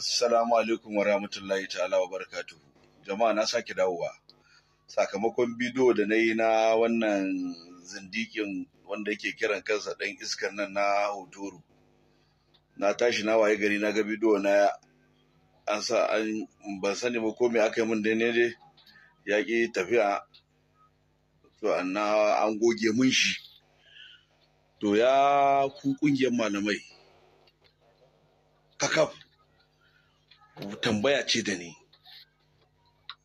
Assalamu alaikum wa rahmatullahi ta'ala wa barakatuhu. Jama'a na sake dawowa. Sakamakon bidiyo da na yi na wannan zindikin wanda yake kiran kansa ɗan iskar nan na hotoro. Na tashi na waye gari na ga bidiyo na an sa an ban sani ba ko me aka yi min dai ne dai ya ki tafiya to anna an goge mun shi. To ya ku ƙungiyar malamai. Kakaf tambaya ce da ni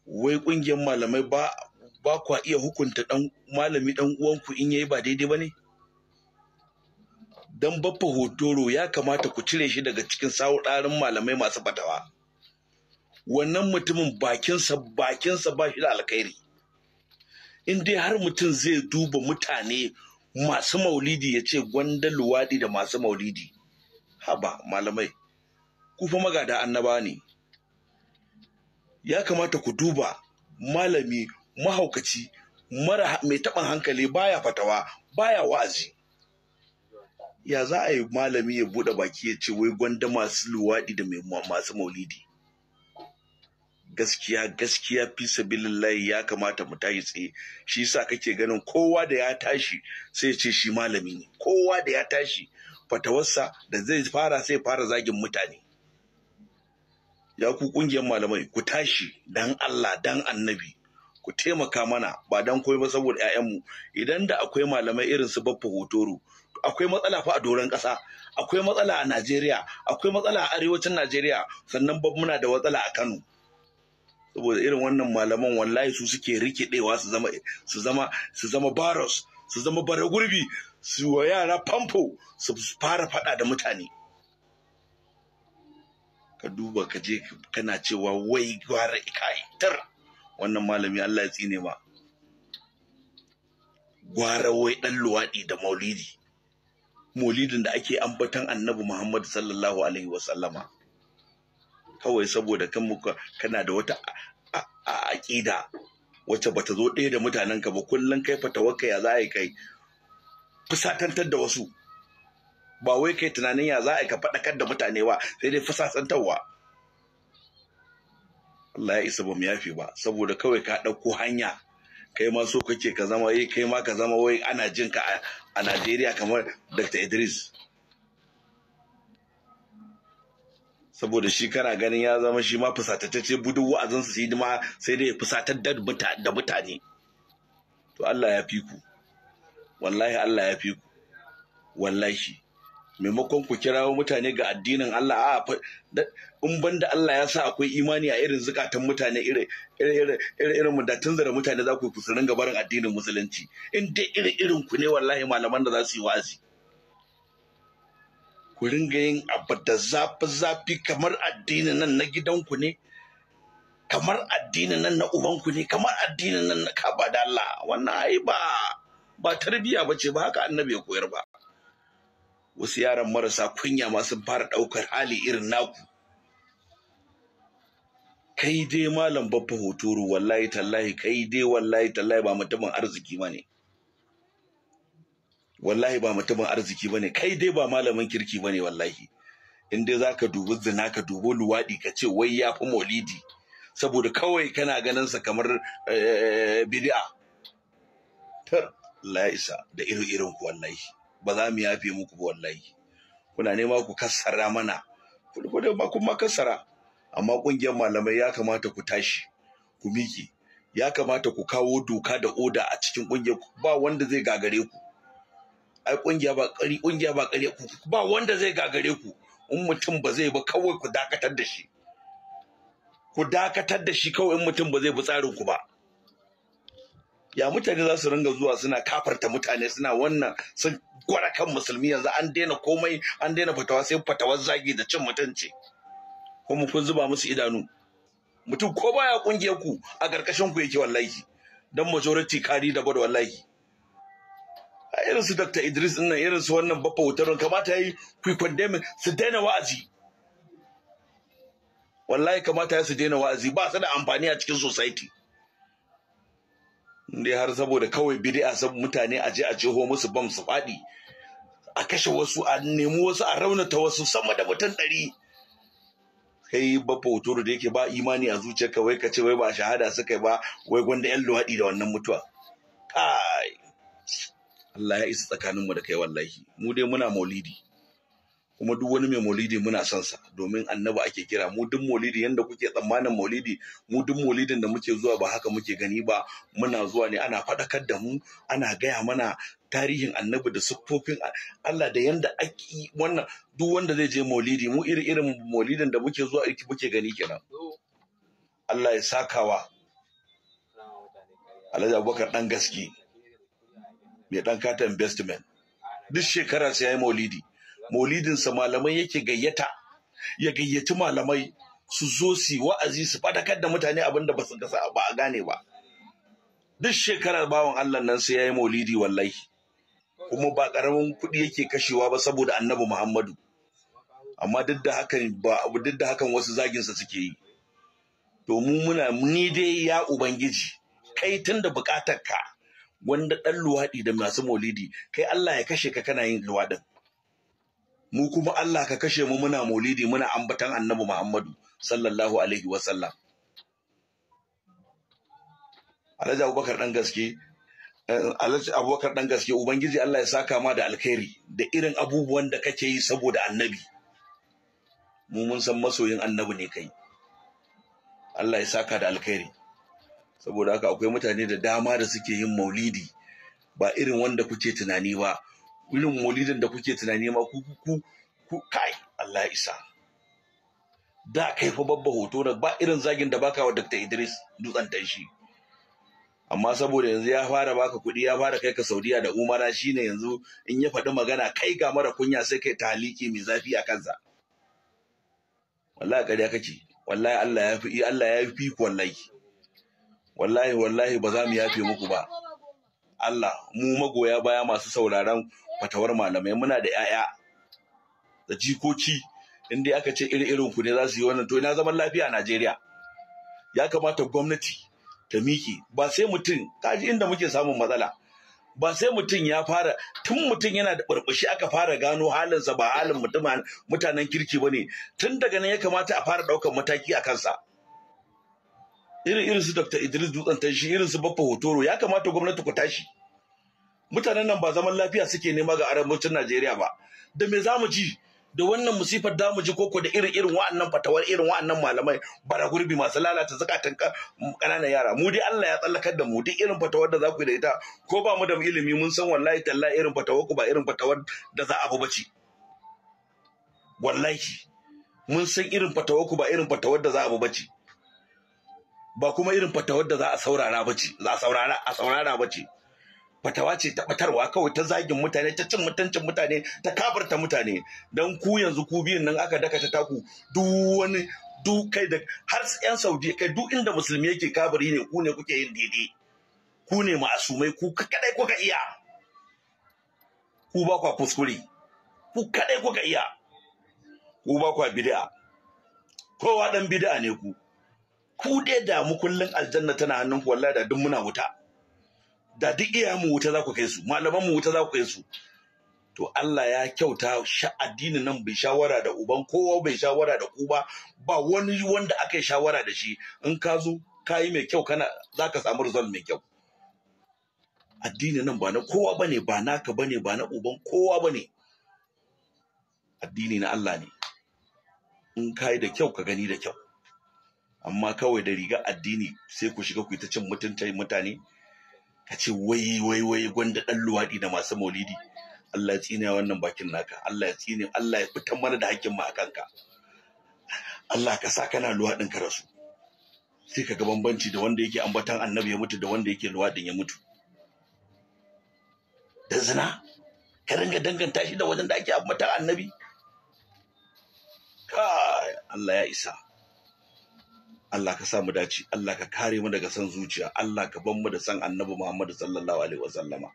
wai ƙungiyar malamai ba ba kwa iya hukunta dan malami dan uwanku in yayi ba daidai ba ne dan baffa hotoro ya kamata ku cire shi daga cikin sawo ɗarin malamai masu fatawa wannan mutumin bakinsa bakinsa ba shi da alkhairi in dai har mutum zai duba mutane masu maulidi ya ce gwanda luwaɗi da masu maulidi haba malamai ku magada annaba ne ya kamata ku duba malami mahaukaci mara mai taɓin hankali baya fatawa baya wa'azi ya za a yi malami ya buɗe baki ya ce wai gwanda masu luwaɗi da masu maulidi gaskiya gaskiya fi layi, ya kamata mu tashi tsaye shi yasa kake ganin kowa da ya tashi sai ce shi malami ne kowa da ya tashi fatawarsa da zai fara sai fara zagin mutane ya ku kungiyar malamai ku tashi dan Allah dan annabi ku taimaka mana ba dan koyi ba saboda 'ya'yanmu idan da akwai malamai irin su baffa hotoro akwai matsala fa a doron ƙasa akwai matsala a Najeriya akwai matsala a arewacin Najeriya sannan ba muna da matsala a Kano saboda irin wannan malaman wallahi su suke rikidewa su zama su zama su zama baros su zama baragurbi, su wa yara pampo, su fara fada da mutane ka duba ka je kana cewa wai gwara ikaitar wannan malami Allah ya tsine ma gwara wai dan luwaɗi da maulidi maulidin da ake ambatan annabi Muhammad sallallahu alaihi wasallama kawai saboda kan muka kana da wata aƙida wacce bata zo ɗaya da ka ba kullum kai fatawarka ya za a yi kai fusatantar da wasu ba wai kai tunanin ya za a ka faɗakar da mutane ba sai dai fusasantarwa Allah ya isa ba mu yafi ba saboda kawai ka ɗauko hanya kai ma so kake ka zama yi eh, kai ma ka zama wai ana jin ka a Najeriya kamar Dr. Idris saboda shi kana ganin ya zama shi ma fusatattace budin wa'azinsa su hidima sai dai fusatar da mutane to Allah ya fi ku wallahi Allah ya fi ku wallahi maimakon ku kirawo mutane ga addinin Allah a in banda Allah ya sa akwai imani a irin zukatan mutane irin mu da zara mutane za ku kusurin gabarin addinin musulunci in dai irin irin ku ne wallahi malaman da za su yi wazi ku ringa yin abu da zafi zafi kamar addinin nan na gidanku ne kamar addinin nan na ubanku ne kamar addinin nan na kaba da Allah wannan ai ba ba tarbiya ce ba haka annabi ya koyar ba wasu yaran marasa kunya masu fara ɗaukar hali irin naku kai dai malam babba hoturu wallahi tallahi kai dai wallahi tallahi ba mutumin arziki ba ne wallahi ba mutumin arziki ba ne kai dai ba malamin kirki ba ne wallahi in dai za ka dubi zina ka dubi luwaɗi ka ce wai ya fi maulidi saboda kawai kana ganin sa kamar eh, eh, eh, bid'a tar la'isa da iri-irin wallahi ba za mu yafe muku ba wallahi kuna nema ku kassara mana ku da ba kuma kassara amma kungiyar malamai ya kamata ku tashi ku miƙe ya kamata ku kawo doka da oda a cikin kungiyar ba wanda zai gagare ku ai kungiya ba ƙari kungiya ba ƙari ba wanda zai gagare ku in mutum ba zai ba kawai ku dakatar da shi ku dakatar da shi kawai in mutum ba zai bi tsarin ku ba ya mutane za su ringa zuwa suna kafarta mutane suna wannan sun gwada kan musulmi yanzu an daina komai an daina fatawa sai fatawar zagi da cin mutunci kuma kun zuba musu idanu mutum ko baya kungiyar ku a karkashin ku yake wallahi dan majority kari da gwada wallahi a irin su Dr. Idris nan irin su wannan baffa wutarun kamata yi ku condemn su daina wa'azi wallahi kamata ya su daina wa'azi ba su da amfani a cikin society dai har saboda kawai bidi'a sab mutane aje a jeho musu bam su faɗi a kashe wasu a nemi wasu a raunata wasu sama da mutum ɗari kai ba fotoro da yake ba imani a zuciyarka wai ka ce wai ba shahada suka yi ba wai gwanda yan luwaɗi da wannan mutuwa kai Allah ya isa tsakaninmu da kai wallahi mu dai muna maulidi kuma duk wani mai maulidi muna son sa domin annabi ake kira mu duk maulidi yanda kuke tsammanin maulidi mu duk maulidin da muke zuwa ba haka muke gani ba muna zuwa ne ana faɗakar da mu ana gaya mana tarihin annabi da siffofin Allah da yanda ake wannan duk wanda zai je maulidi mu iri irin maulidin da muke zuwa irki muke gani kenan Allah ya sakawa Alhaji Abubakar dan gaske mai dan katon investment duk shekara sai ya yi maulidi maulidinsa malamai yake gayyata ya gayyaci malamai su zo su wa'azi su fadakar da mutane abinda ba su gasa ba a gane ba duk shekarar bawan Allah nan sai yayi maulidi wallahi kuma ba karamin kuɗi yake kashewa ba saboda annabi Muhammadu amma duk da hakan ba duk da hakan wasu zaginsa suke yi to mu muna ni dai ya ubangiji kai tun da bukatarka wanda ɗan luwaɗi da masu maulidi kai Allah ya kashe ka kana yin luwaɗin mu kuma Allah ka kashe mu muna maulidi muna ambatan annabi Muhammadu sallallahu alaihi wa sallam Alhaji Abubakar dan gaske eh, Alhaji Abubakar dan gaske ubangiji Allah ya saka ma da alkhairi da irin abubuwan da kake yi saboda annabi mu mun san masoyin annabi ne kai Allah ya saka da alkhairi saboda haka akwai mutane da dama da suke yin maulidi ba irin wanda kuke tunani ba irin walidin da kuke tunani ma ku ku ku kai Allah isa da kai fa babba hoto da ba irin zagin da baka wa Dr. Idris dutsen shi amma saboda yanzu ya fara baka kuɗi ya fara kai ka Saudiya da Umara shine yanzu in ya faɗi magana kai ga mara kunya sai kai taliki mai zafi a kansa wallahi kake wallahi Allah ya fi Allah ya fi ku wallahi wallahi wallahi ba za mu yafe muku ba Allah mu magoya baya masu sauraron fatawar malamai muna da 'ya'ya da jikoki inda aka ce iri irin ku ne za su yi wannan to ina zaman lafiya a Najeriya ya kamata gwamnati ta miki ba sai mutum kaji inda muke samun matsala ba sai mutum ya fara tun mutum yana da burbushi aka fara gano halinsa ba halin mutanen kirki ba ne tun daga nan ya kamata a fara ɗaukar mataki a kansa irin irin su dr idris dutsen tashi irin su baffa hotoro ya kamata gwamnati ku tashi mutanen nan ba zaman lafiya suke nema ga arabocin Najeriya ba da me zamu ji da wannan musifar da mu ji koko da irin irin wa'annan fatawar irin wa'annan malamai bara gurbi masu lalata zakatan kananan mm, yara mu dai Allah ya tsallakar da mu duk irin fatawar da za ku yi da ita ko ba mu da ilimi mun san wallahi talla irin fatawar ku ba irin fatawar da za a bi bace wallahi mun san irin fatawar ku ba irin fatawar da za a bi bace ba kuma irin fatawar da za a saurara bace za a saurara a saurara bace fatawa ce ta batarwa kawai ta zagin mutane ta cin mutuncin mutane ta kafarta mutane dan ku yanzu ku biyun nan aka daka ta taku duk wani duk kai da har yan Saudi kai duk inda musulmi yake kabari ne ku ne kuke yin daidai ku ne ma'asumai ku kadai kuka iya ku ba kwa kuskure ku kadai kuka iya ku ba kwa bid'a kowa dan bid'a ne ku ku dai da mu kullun aljanna tana hannunku wallahi da duk muna wuta da duk iya mu wuta za ku kai su malaman mu wuta za ku kai su to Allah ya kyauta sha addinin nan bai shawara da uban kowa bai shawara da ku ba ba wani wanda aka yi shawara da shi in ka zo ka yi mai kyau kana za ka samu result mai kyau addinin nan ba na kowa bane ba naka bane ba na uban kowa bane addini na Allah ne in ka yi da kyau ka gani da kyau amma kawai da riga addini sai ku shiga ku yi ta cin mutunta mutane ka ce wai wai wai gwanda ɗan luwaɗi da masu maulidi Allah ya tsine wannan bakin naka Allah ya tsine Allah ya fitar mana da hakkin mu a kanka Allah ka sa kana luwaɗin ka rasu sai ka ga bambanci da wanda yake ambatan annabi ya mutu da wanda yake luwadin ya mutu da zina ka ringa danganta shi da wajen da ake ambatan annabi kai Allah ya isa Allah ka sa mu dace Allah ka kare mu daga san zuciya Allah ka ban mu da san annabi Muhammad sallallahu alaihi wa sallama.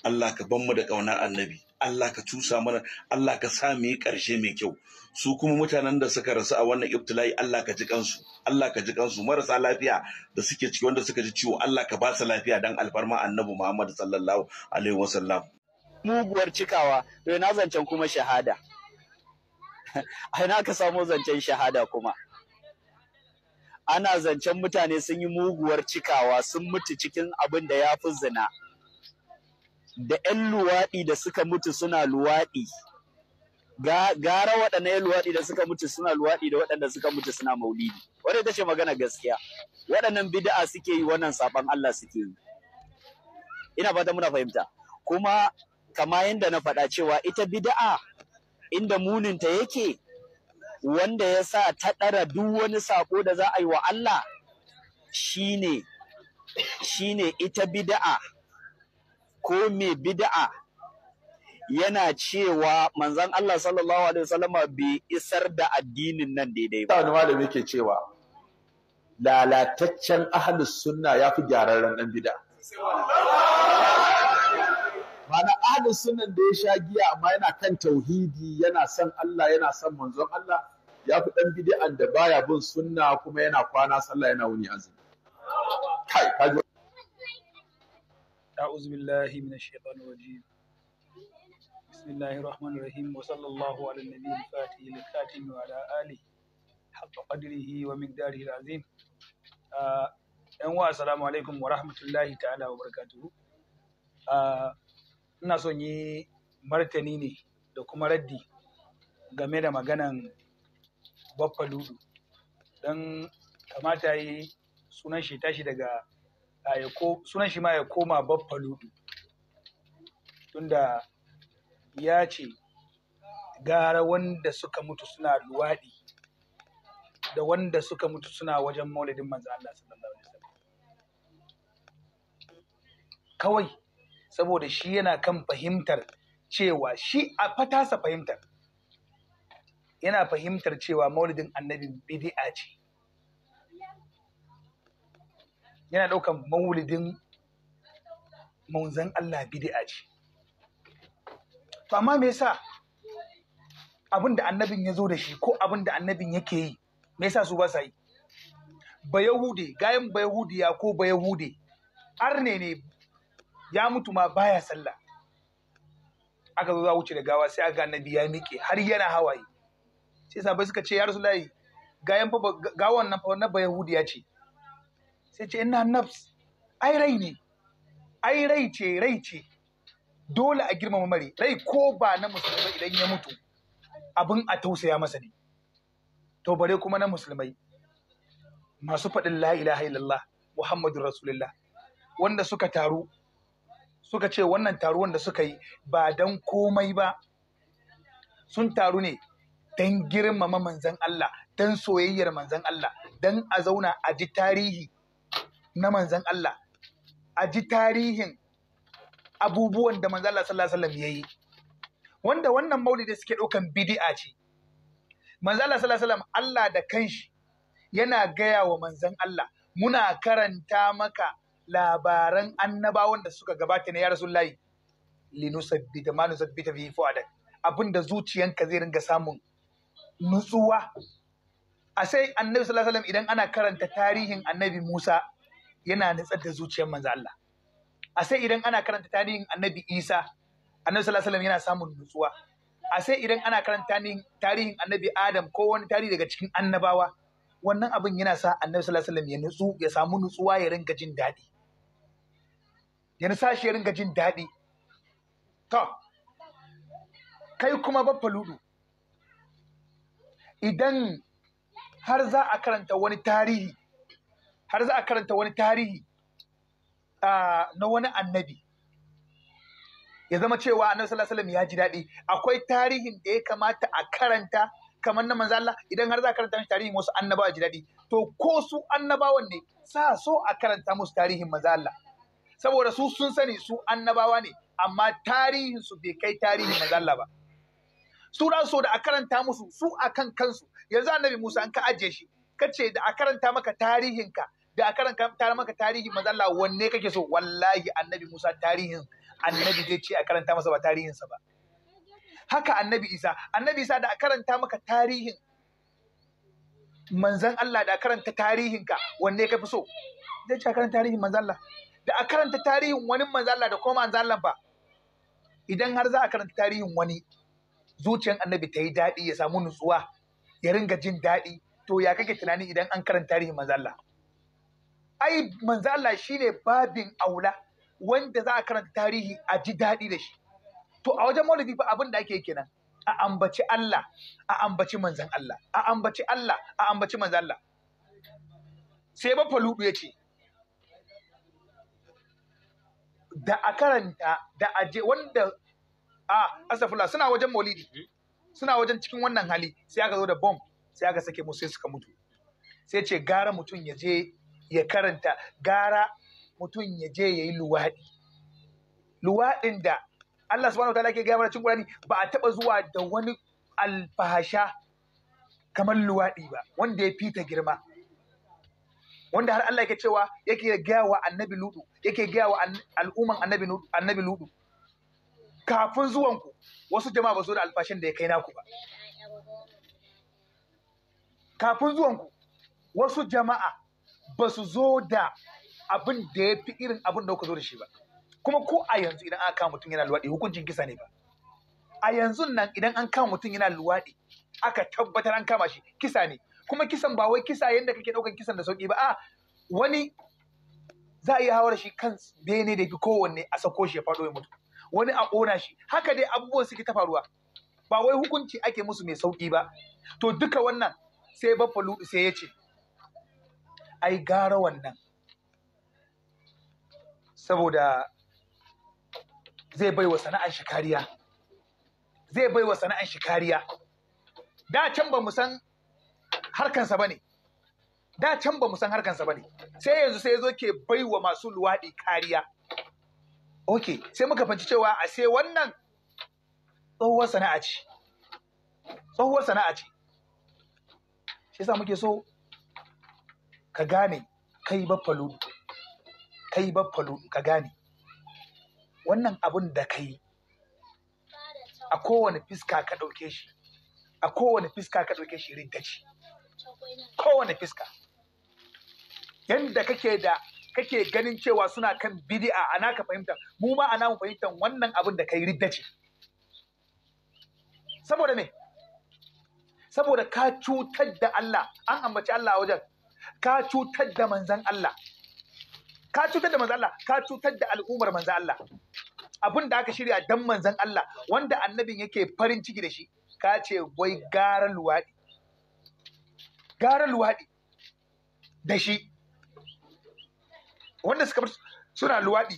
Allah ka ban mu da ƙaunar annabi Allah ka cusa mana Allah ka sa mu yi ƙarshe mai kyau su kuma mutanen da suka rasu a wannan ibtila'i Allah ka ji kansu Allah ka ji kansu marasa lafiya da suke ciki wanda suka ji ciwo Allah ka ba su lafiya dan alfarma annabi Muhammad sallallahu alaihi wasallam muguwar cikawa to na zancen kuma shahada ai na ka samu zancen shahada kuma ana zancen mutane sun yi muguwar cikawa sun mutu cikin abin da ya fi zina da 'yan luwaɗi da suka mutu suna luwaɗi gara waɗanda 'yan luwaɗi da suka mutu suna luwaɗi da waɗanda suka mutu suna maulidi wadda ita ce magana gaskiya waɗannan bida'a suke yi wannan saɓan Allah suke yi ina fata muna fahimta kuma kama yadda na faɗa cewa ita bida'a inda muninta yake wanda ya sa ta ɗara duk wani saƙo da za a yi wa Allah shine ne ita bida'a ko mai bida'a yana cewa manzan Allah sallallahu alaihi wasallama bai isar da addinin nan daidai ba. Wani malami yake cewa lalataccen ahlus sunna ya fi gyararren ɗan bida. Bana ahlus sunnan da ya sha giya amma yana kan tauhidi yana son Allah yana son manzon Allah ya fi dan bid'an da baya bin sunna kuma yana kwana sallah yana wuni azumi kai kaji أعوذ بالله من الشيطان الرجيم بسم الله الرحمن الرحيم وصلى الله على ‘Yan wa assalamu alaikum wa rahmatullahi ta'ala wa barakatuhu. Ina son yi martani ne da kuma raddi game da maganan Baffa Ludu don kamata yi sunan shi tashi daga sunan shi ma ya koma Baffa Ludu tunda ya ce gara wanda suka mutu suna luwaɗi da wanda suka mutu suna wajen maulidin manzo Allah sallallahu alaihi wasallam kawai saboda shi yana kan fahimtar cewa shi a fatasa fahimtar yana fahimtar cewa maulidin annabi bid'a ce yana ɗaukan maulidin manzon Allah bid'a ce to amma me yasa abin da annabin ya zo da shi ko abin da annabin yake yi me yasa su ba sa yi ba yahude gayan ba yahudiya ko ba yahude arne ne ya mutu ma baya sallah aka zo za wuce da gawa sai aga annabi ya miƙe har yana hawaye sai sabai suka ce ya rasu layi gayan fa ga wannan fa na bayahudi ya ce sai ce ina nafs ai rai ne ai rai ce rai ce dole a girmama mare rai ko ba na musulmai idan ya mutu abin a tausaya masa ne to bare kuma na musulmai masu faɗin la ilaha illallah Muhammadu rasulullah wanda suka taru suka ce wannan taruwan wanda suka yi ba don komai ba sun taru ne don girmama manzan Allah don soyayyar manzan Allah don a zauna a ji tarihi na manzan Allah a ji tarihin abubuwan da manzan Allah sallallahu alaihi yayi wanda wannan maulidi suke ɗaukan bidi'a ce manzan Allah sallallahu alaihi Allah da kanshi yana gaya wa manzan Allah muna karanta maka labaran annabawan da suka gabata ne ya rasulullahi linusabbita ma nusabbita abinda zuciyanka zai ringa samun nutsuwa a sai annabi sallallahu alaihi wasallam idan ana karanta tarihin annabi Musa yana nutsar da zuciyar manzo Allah a sai idan ana karanta tarihin annabi Isa annabi sallallahu alaihi wasallam yana samun nutsuwa a sai idan ana karanta tarihin annabi Adam ko wani tarihi daga cikin annabawa wannan abin yana sa annabi sallallahu alaihi wasallam ya nutsu ya samu nutsuwa ya ringa jin daɗi ya sa shi ya ringa jin daɗi to kai kuma Ludu. idan har za a karanta wani tarihi har za a karanta wani tarihi na wani annabi ya zama cewa annabi sallallahu alaihi ya ji daɗi akwai tarihin da ya kamata a karanta kamar na manzo Allah idan har za a karanta shi tarihi, wasu annabawa ji daɗi to ko su annabawan ne sa so a karanta musu tarihin manzo Allah saboda su sun sani su annabawa ne amma tarihin su bai kai tarihin manzo Allah ba su so da a karanta musu su a kan kansu yanzu annabi Musa an ka ajiye shi Ka ce da a karanta maka tarihinka da a karanta maka tarihi manzo Allah wanne kake so wallahi annabi Musa tarihin annabi zai ce a karanta masa ba tarihinsa ba haka annabi Isa annabi Isa da a karanta maka tarihin manzan Allah da a karanta tarihinka wanne ka fi so zai ce a karanta tarihin manzan Allah da a karanta tarihin wani manzan Allah da kuma manzan Allah ba idan har za a karanta tarihin wani zuciyar annabi ta yi daɗi ya samu nutsuwa ya ringa jin daɗi to ya kake tunani idan an karanta tarihin Manzala? ai Manzala shi shine babin aula wanda za a karanta tarihi a ji daɗi da shi to a wajen maulidi fa abin da ake kenan a ambaci Allah a ambaci Manzan Allah a ambaci Allah a ambaci manzan Allah sai bafaludu ya ce da a karanta da a je wanda a asafula suna wajen maulidi suna wajen cikin wannan hali sai aka zo da bomb sai aka sake musu sai suka mutu sai ce gara mutum ya je ya karanta gara mutum ya je ya yi luwaɗi luwaɗin da Allah subhanahu ta'ala ke gaya mana cikin Qur'ani ba a taba zuwa da wani alfahasha kamar luwaɗi ba wanda ya fita girma wanda har Allah yake cewa yake gaya wa annabi ludu yake gaya wa al'umman annabi ludu kafin zuwanku wasu jama'a ba su da alfashin da ya kai naku ba kafin zuwanku wasu jama'a ba su zo da abin da ya fi irin abin da kuka zo da shi ba kuma ko a yanzu idan aka kama mutum yana luwaɗi hukuncin kisa ne ba a yanzu nan idan an kama mutum yana luwaɗi aka tabbatar an kama shi kisa ne kuma kisan ba wai kisa yadda kake ɗaukan kisan da sauƙi ba a wani za a iya hawar shi kan bene da fi kowanne a sako shi ya faɗo ya mutu wani a ƙona shi haka dai abubuwan suke ta faruwa ba wai hukunci ake musu mai sauƙi ba to duka wannan sai baffalo sai ya ce ai gara wannan saboda zai bai wa sana'an shi kariya zai bai wa sana'an shi kariya da can ba mu san harkansa ba ne da can ba mu san harkansa ba ne sai yanzu sai ya zo ke bai wa masu luwaɗi kariya ok sai muka fanci cewa a sai wannan tsohuwar sana'a ce tsohuwar sana'a ce shi sa muke so ka gane kai baffalo kai baffalo ka gane wannan abun da kai a kowane fiska ka ɗauke shi a kowane fiska ka ɗauke shi rigaci. kowane fiska yanda kake da kake ganin cewa suna kan bid'a ana ka fahimta mu ma ana mu fahimtar wannan abin da kai ridda ce saboda me saboda ka cutar da Allah an ambaci Allah a wajen ka cutar da manzan Allah ka cutar da manzan Allah ka cutar da al'ummar manzan Allah abin da aka shirya dan manzan Allah wanda annabin yake farin ciki da shi ka ce wai gara luwaɗi gara luwaɗi da shi wanda suka bar suna luwaɗi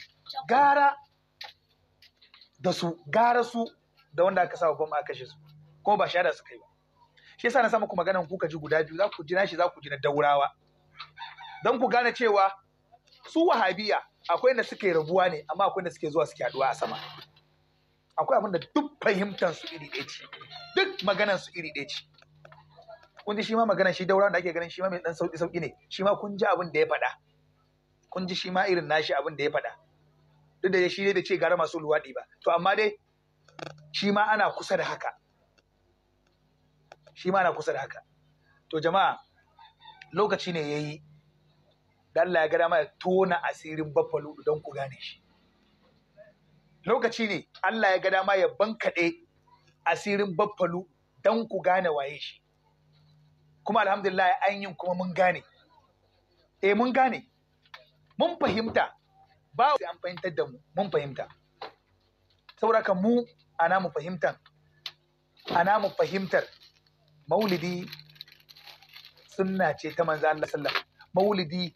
gara da su gara su da wanda aka sa wa gwamma aka kashe su ko ba shada suka yi ba shi yasa na sa muku maganan ka ji guda biyu za ku ji nashi za ku ji na daurawa don ku gane cewa su wahabiya akwai da suke rabuwa ne amma akwai da suke zuwa suke haɗuwa a sama akwai abin da duk fahimtar su iri ɗaya ce duk maganan su iri ɗaya ce kun ji shi ma maganan shi daura da ake ganin shi ma mai dan sauki sauki ne shi ma kun ji abin da ya faɗa kun ji shi ma irin nashi abin da ya faɗa duk da shi ne da ce gara masu luwaɗi ba to amma dai shi ma ana kusa da haka shi ma ana kusa da haka to jama'a lokaci ne yayi da Allah ya ga dama ya tona asirin baffalo don ku gane shi lokaci ne Allah ya ga dama ya bankaɗe asirin baffalo don ku gane waye shi kuma alhamdulillah an yi kuma mun gane eh mun gane mun fahimta ba sai an fahimtar da mu mun fahimta saboda ka mu ana mu fahimtar ana mu fahimtar maulidi sunna ce ta manzo Allah sallam maulidi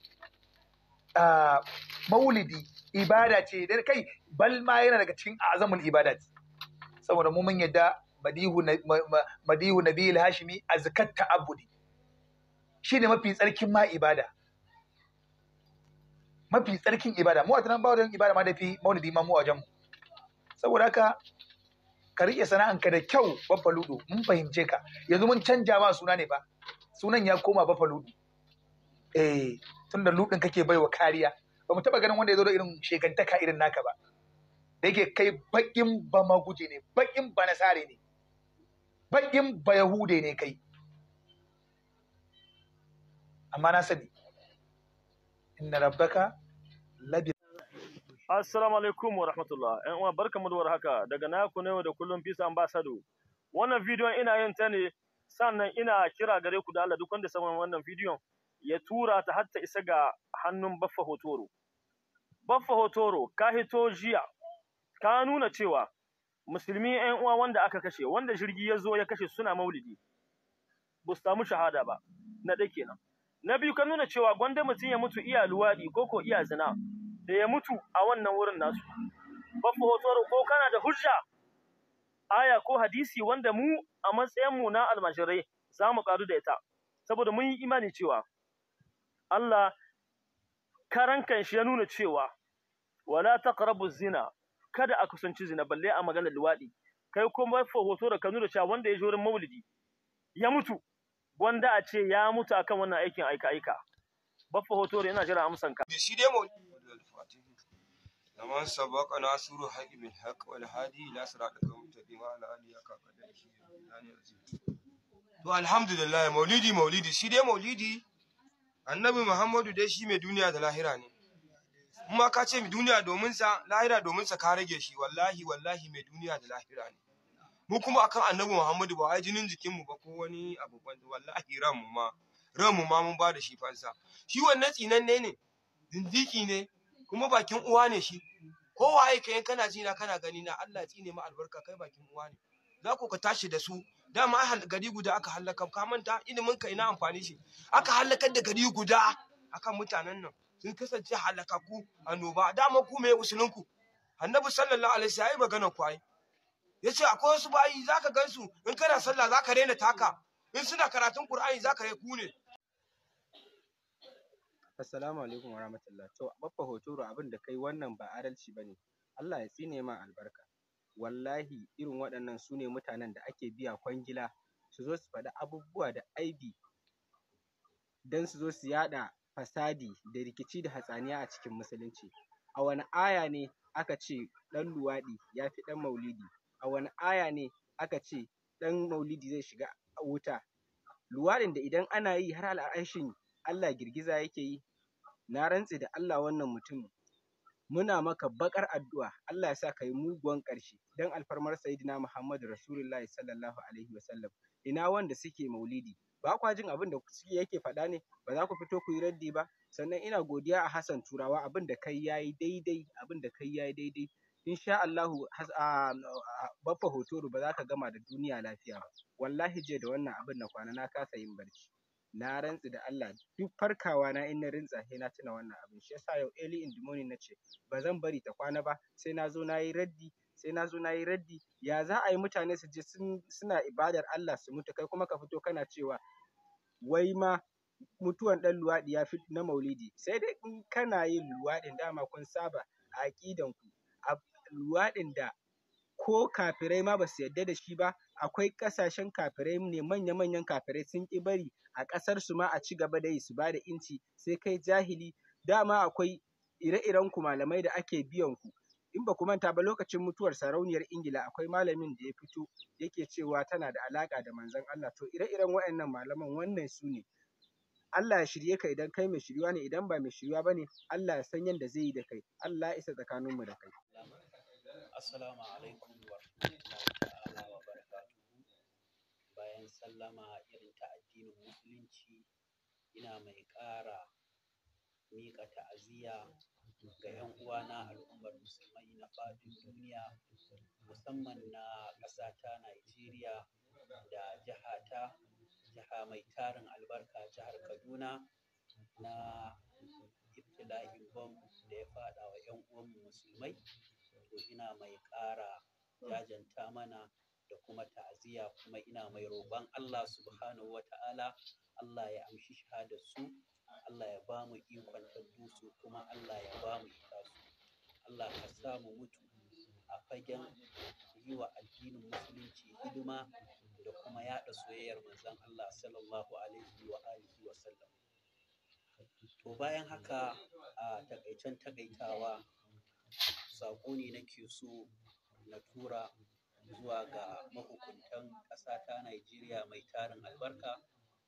maulidi ibada ce da kai bal ma yana daga cikin azamul ce. saboda mu mun yadda madihu madihu nabiyil hashimi azkat ta'abbudi shine mafi tsarkin ma ibada mafi tsarkin ibada mu a tunan bawa ibada ma da fi maulidi ma mu wajen mu saboda haka ka riƙe sana'anka da kyau bafaludo mun fahimce ka yanzu mun canja ma suna ne ba sunan ya koma bafaludo eh tunda ludin kake baiwa kariya ba mu taba ganin wanda ya zo da irin shekantaka irin naka ba da yake kai bakin ba maguje ne bakin ba nasare ne bakin ba yahude ne kai amma na sani inna rabbaka labin Assalamu alaikum wa rahmatullah. ‘Yan uwa barka mu da haka daga naku ne da kullum Peace Ambassador. Wannan bidiyon ina yin ta ne sannan ina kira gare ku da Allah duk wanda saman wannan bidiyon ya tura ta hatta isa ga hannun Baffa Hotoro. Baffa Hotoro ka hito jiya ka nuna cewa musulmi ‘yan uwa wanda aka kashe wanda jirgi ya zo ya kashe suna maulidi ba su samu shahada ba na ɗaya kenan. Na biyu ka nuna cewa gwanda mutum ya mutu iya luwaɗi ko ko iya zina da ya mutu a wannan wurin nasu babu hotoro ko kana da hujja aya ko hadisi wanda mu a matsayinmu na almajirai za mu karu da ita saboda mun yi imani cewa Allah karan shi ya nuna cewa wala ƙarabu zina kada a kusanci zina balle a maganar luwaɗi, kai kuma babu hotoro ka da cewa wanda ya ji wurin maulidi ya mutu wanda a ce ya mutu akan wannan aikin aika aika babu hotoro yana jira amsanka shi dai mawulidi. كما سبق ناصر الحق بالحق والهادي لا صراط المتقين وعلى اله وقدره to alhamdulillah maulidi maulidi shi dai maulidi annabi muhammadu dai shi mai duniya da lahira ne kuma ka ce duniya domin sa lahira domin sa ka rage shi wallahi wallahi mai duniya da lahira ne mu kuma akan annabi muhammadu ba ai jinin jikin mu ba ko wani abu ban wallahi ran mu ma ran mu ma mun ba da shi fansa shi wannan tsinanne ne zindiki ne kuma bakin uwa ne shi ko waye kai kana jina kana gani na Allah tsine ma albarka kai bakin uwa ne za ku ka tashi da su dama a gari guda aka halaka ka manta ilimin ka ina amfani shi aka halakar da gari guda akan mutanen nan sun kasance halakaku annoba dama ku mai usulun ku annabi sallallahu alaihi wasallam magana ku ai yace akwai wasu bayi zaka gansu in kana sallah zaka rena taka in suna karatun qur'ani zaka rai ku ne Assalamu alaikum warahmatullah. To baffa hotoro abin da kai wannan ba adalci ba ne. Allah ya tsine ma albarka. Wallahi irin waɗannan su ne mutanen da ake biya kwangila su zo su faɗi abubuwa da aibi don su zo su yaɗa fasadi da rikici da hatsaniya a cikin musulunci. A wani aya ne aka ce ɗan luwaɗi ya fi ɗan maulidi? A wani aya ne aka ce ɗan maulidi zai shiga wuta? Luwaɗin da idan ana yi har al'arshin Allah girgiza yake yi na rantse da Allah wannan mutumin muna maka baƙar addu'a Allah ya sa ka yi muguwan ƙarshe don alfarmar sayidina Muhammadu Rasulullahi sallallahu alaihi wasallam ina wanda suke maulidi ba kwa jin abin da suke yake faɗa ne ba za ku fito ku yi raddi ba sannan ina godiya a Hassan Turawa abin da kai yayi daidai abin da kai yayi daidai insha Allahu baffa hotoro ba za ka gama da duniya lafiya ba wallahi jiya da wannan abin na kwana na kasa yin barci na rantsi da Allah duk farkawa na in na rintsa sai na tuna wannan abin shi yasa yau early in the morning nace ba zan bari ta kwana ba sai na zo na yi raddi sai na zo na yi raddi ya za a yi mutane su je suna ibadar Allah su mutu kai kuma ka fito kana cewa wai ma mutuwan ɗan luwaɗi ya fi na maulidi sai dai in kana yin luwaɗin dama kun saba a aƙidanku ku. luwaɗin da ko kafirai ma ba su yarda da shi ba akwai ƙasashen kafirai ne manya-manyan kafirai sun ƙi bari a ƙasar su ma a ci gaba da yi su bada da inci sai kai jahili dama akwai ire-iren ku malamai da ake biyan ku in ba ku manta ba lokacin mutuwar sarauniyar ingila akwai malamin da ya fito yake cewa tana da alaƙa da manzon Allah to ire-iren waɗannan malaman wannan su ne Allah ya shirye ka idan kai mai shiriwa ne idan ba mai shirwa ba ne Allah ya san yadda zai yi da kai Allah ya isa tsakaninmu da kai assalamu sallama irin ta addinin musulunci ina mai ƙara miƙa ta'aziyya ga 'yan uwana al'ummar musulmai na faɗin duniya musamman na ƙasata Najeriya da jihata jiha mai tarin albarka jihar Kaduna na iftila'in bom da ya faɗa wa 'yan uwanmu musulmai to ina mai ƙara jajanta mana da kuma ta'aziyya kuma ina mai roƙon Allah subhanahu ta'ala. Allah ya amshi shahadar su Allah ya ba mu ikon tabbu su kuma Allah ya ba mu ita su Allah ka sa mu mutu a fagen yi wa addinin musulunci hidima da kuma yaɗa soyayyar manzon Allah sallallahu alaihi wa alihi wa sallam to bayan haka a taƙaicen taƙaitawa, saƙo ne nake so na tura zuwa ga mahukuntan ƙasa ta Najeriya mai tarin albarka.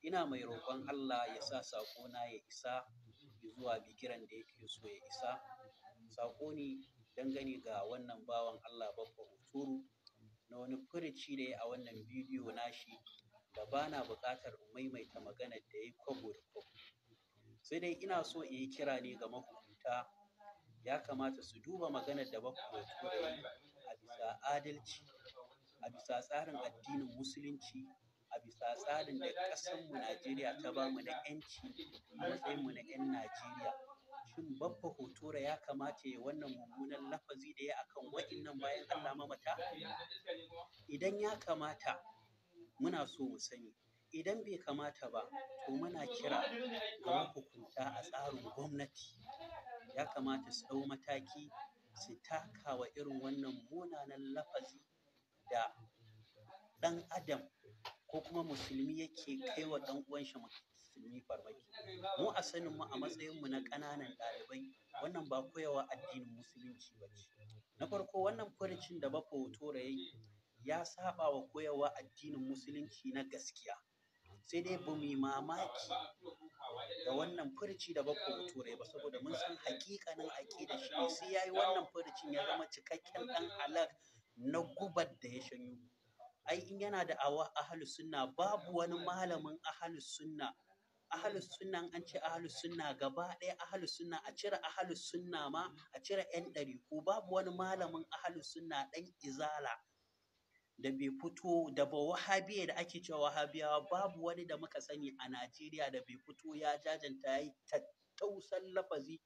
Ina mai roƙon Allah ya sa saƙona ya isa zuwa bigiran da yake so ya isa. Saƙo ne dangane ga wannan bawan Allah babba huturu na wani furici da ya a wannan bidiyo nashi da ba na buƙatar maimaita maganar da ya yi kwabo da kwabo. Sai dai ina so in yi kira ne ga mahukunta ya kamata su duba maganar da babba huturu a bisa adalci a bisa tsarin addinin musulunci a bisa tsarin da ƙasar mu Najeriya ta ba mu na 'yanci a matsayin mu na 'yan Najeriya. Shin babba hotora ya kamata ya wannan mummunan lafazi da ya akan wa'innan bayan Allah mamata? Idan ya kamata muna so mu sani, idan bai kamata ba to muna kira ga hukunta a tsarin gwamnati. Ya kamata su ɗau mataki su taka wa irin wannan munanan lafazi da ɗan adam ko kuma musulmi yake kai wa ɗan uwan shi musulmi farmaki mu a sanin mu a matsayin mu na ƙananan ɗalibai wannan ba koyawa addinin musulunci ba na farko wannan furicin da bafa hotora yayi ya saba wa koyawa addinin musulunci na gaskiya sai dai ba mu mamaki ga wannan furici da bakko turai ba saboda mun san hakikanin aƙida shi sai yayi wannan furicin ya zama cikakken ɗan halak na gubar da ya shanyo ai in yana da awa ahalus sunna babu wani malamin ahalus sunna ahalus sunna an ce ahalus sunna gaba ɗaya ahalus sunna a cire ahalus sunna ma a cire yan ɗari ko babu wani malamin ahalus sunna ɗan izala da bai fito da ba wahabiya da ake cewa wahabiyawa babu wani da muka sani a Najeriya da bai fito ya jajanta ya yi tattausan lafazi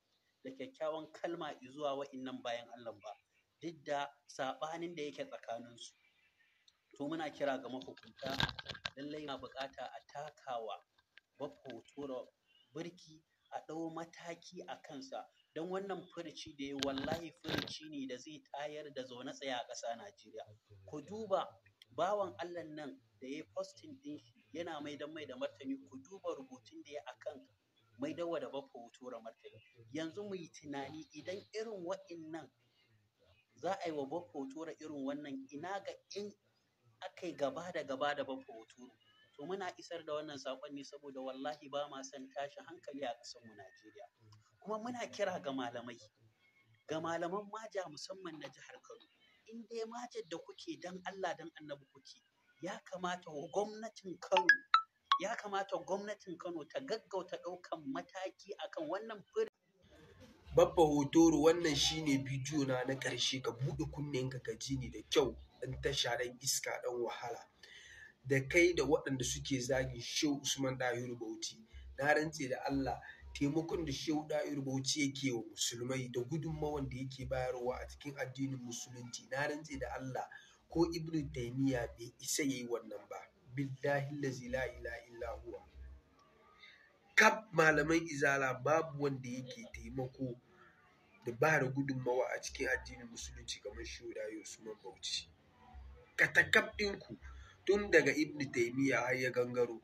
da kyakkyawan kalma izuwa wa'innan bayan Allah ba. duk da saɓanin da yake tsakaninsu to muna kira ga mahukunta lallai na buƙata a takawa bakko tura birki a ɗau mataki a kansa don wannan furci da ya wallahi furci ne da zai tayar da zaune tsaye a ƙasa Najeriya. Ku duba bawan Allah nan da ya postin ɗin shi yana mai don mai da martani ku duba rubutun da ya akan mai dawa da bafa wutura martani. Yanzu mu yi tunani idan irin wa'innan za a yi wa Baffa irin wannan ina ga in aka yi gaba da gaba da Baffa To muna isar da wannan sakonni ne saboda wallahi ba ma son tashi hankali a mu Najeriya. Kuma muna kira ga malamai, ga malaman maja musamman na jihar Kano. In dai majar da kuke dan Allah dan annabi kuke, ya kamata gwamnatin Kano ya kamata gwamnatin Kano ta gaggauta ɗaukan mataki akan wannan fir Baffa Hotoro wannan shine bidiyo na na ƙarshe ka buɗe kunnenka ka ji ni da kyau ɗan tasha ɗan iska ɗan wahala. Da kai da waɗanda suke zagin Shehu Usman Dahiru Bauchi na rantse da Allah taimakon da Shehu Dahiru Bauchi yake wa musulmai da gudunmawan da yake bayarwa a cikin addinin musulunci na rantse da Allah ko Ibn taymiya bai isa yayi wannan ba. Billahi la ilaha illa huwa. Kaf malaman izala babu wanda yake taimako da ba da gudunmawa a cikin addinin musulunci kamar shodayi usman bauchi katakaf ɗinku tun daga ibn taimiyya har ya gangaro